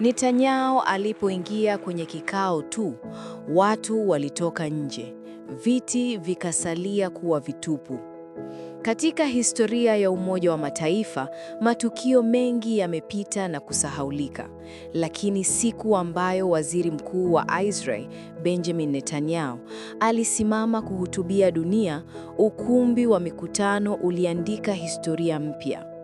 Netanyahu alipoingia kwenye kikao tu, watu walitoka nje, viti vikasalia kuwa vitupu. Katika historia ya Umoja wa Mataifa, matukio mengi yamepita na kusahaulika, lakini siku ambayo Waziri Mkuu wa Israel, Benjamin Netanyahu, alisimama kuhutubia dunia, ukumbi wa mikutano uliandika historia mpya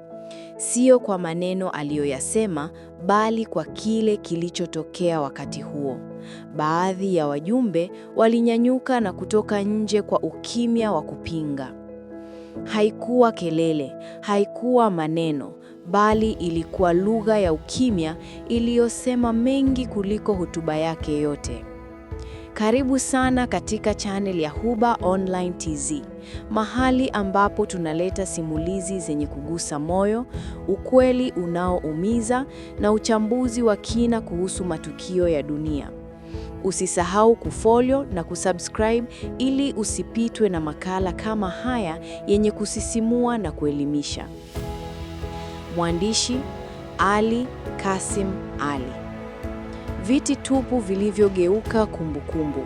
sio kwa maneno aliyoyasema, bali kwa kile kilichotokea wakati huo. Baadhi ya wajumbe walinyanyuka na kutoka nje kwa ukimya wa kupinga. Haikuwa kelele, haikuwa maneno, bali ilikuwa lugha ya ukimya iliyosema mengi kuliko hotuba yake yote. Karibu sana katika channel ya Huba Online TZ, mahali ambapo tunaleta simulizi zenye kugusa moyo, ukweli unaoumiza na uchambuzi wa kina kuhusu matukio ya dunia. Usisahau kufollow na kusubscribe ili usipitwe na makala kama haya yenye kusisimua na kuelimisha. Mwandishi Ali Kasim Ali viti tupu vilivyogeuka kumbukumbu.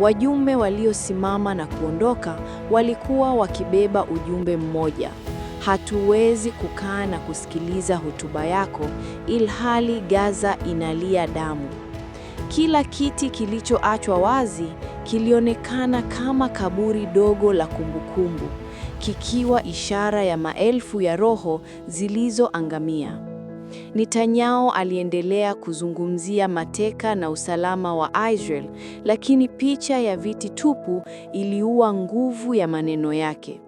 Wajumbe waliosimama na kuondoka walikuwa wakibeba ujumbe mmoja: hatuwezi kukaa na kusikiliza hotuba yako ilhali Gaza inalia damu. Kila kiti kilichoachwa wazi kilionekana kama kaburi dogo la kumbukumbu, kikiwa ishara ya maelfu ya roho zilizoangamia. Netanyahu aliendelea kuzungumzia mateka na usalama wa Israel, lakini picha ya viti tupu iliua nguvu ya maneno yake.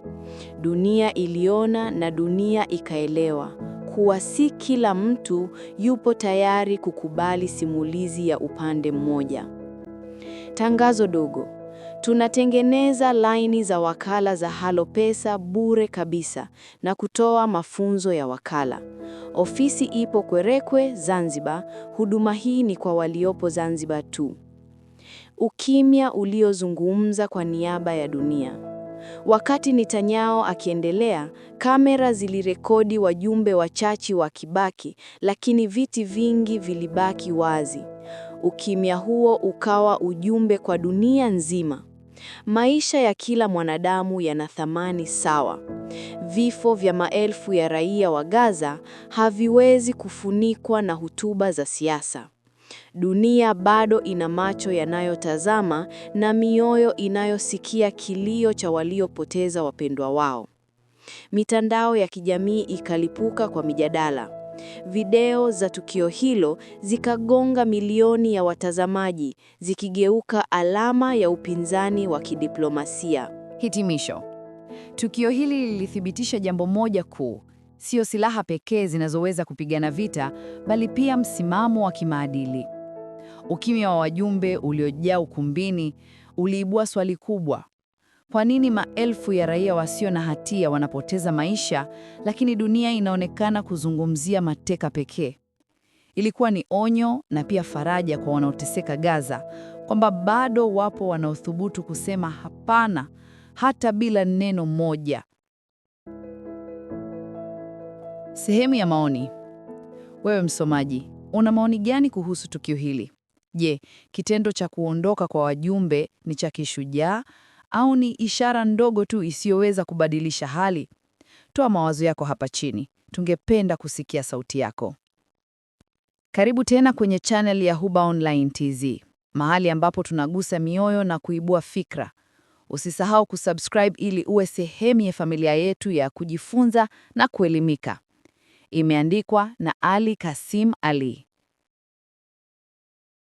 Dunia iliona na dunia ikaelewa kuwa si kila mtu yupo tayari kukubali simulizi ya upande mmoja. Tangazo dogo. Tunatengeneza laini za wakala za halo pesa bure kabisa na kutoa mafunzo ya wakala. Ofisi ipo Kwerekwe, Zanzibar. Huduma hii ni kwa waliopo Zanzibar tu. Ukimya uliozungumza kwa niaba ya dunia. Wakati Netanyahu akiendelea, kamera zilirekodi wajumbe wachache wa Kibaki, lakini viti vingi vilibaki wazi. Ukimya huo ukawa ujumbe kwa dunia nzima. Maisha ya kila mwanadamu yana thamani sawa. Vifo vya maelfu ya raia wa Gaza haviwezi kufunikwa na hotuba za siasa. Dunia bado ina macho yanayotazama na mioyo inayosikia kilio cha waliopoteza wapendwa wao. Mitandao ya kijamii ikalipuka kwa mijadala. Video za tukio hilo zikagonga milioni ya watazamaji, zikigeuka alama ya upinzani wa kidiplomasia. Hitimisho. Tukio hili lilithibitisha jambo moja kuu. Sio silaha pekee zinazoweza kupigana vita, bali pia msimamo wa kimaadili. Ukimya wa wajumbe uliojaa ukumbini uliibua swali kubwa. Kwa nini maelfu ya raia wasio na hatia wanapoteza maisha, lakini dunia inaonekana kuzungumzia mateka pekee? Ilikuwa ni onyo na pia faraja kwa wanaoteseka Gaza, kwamba bado wapo wanaothubutu kusema hapana, hata bila neno moja. Sehemu ya maoni. Wewe msomaji, una maoni gani kuhusu tukio hili? Je, kitendo cha kuondoka kwa wajumbe ni cha kishujaa au ni ishara ndogo tu isiyoweza kubadilisha hali? Toa mawazo yako hapa chini, tungependa kusikia sauti yako. Karibu tena kwenye channel ya Hubah Online TZ, mahali ambapo tunagusa mioyo na kuibua fikra. Usisahau kusubscribe ili uwe sehemu ya familia yetu ya kujifunza na kuelimika. Imeandikwa na Ali Kasim Ali.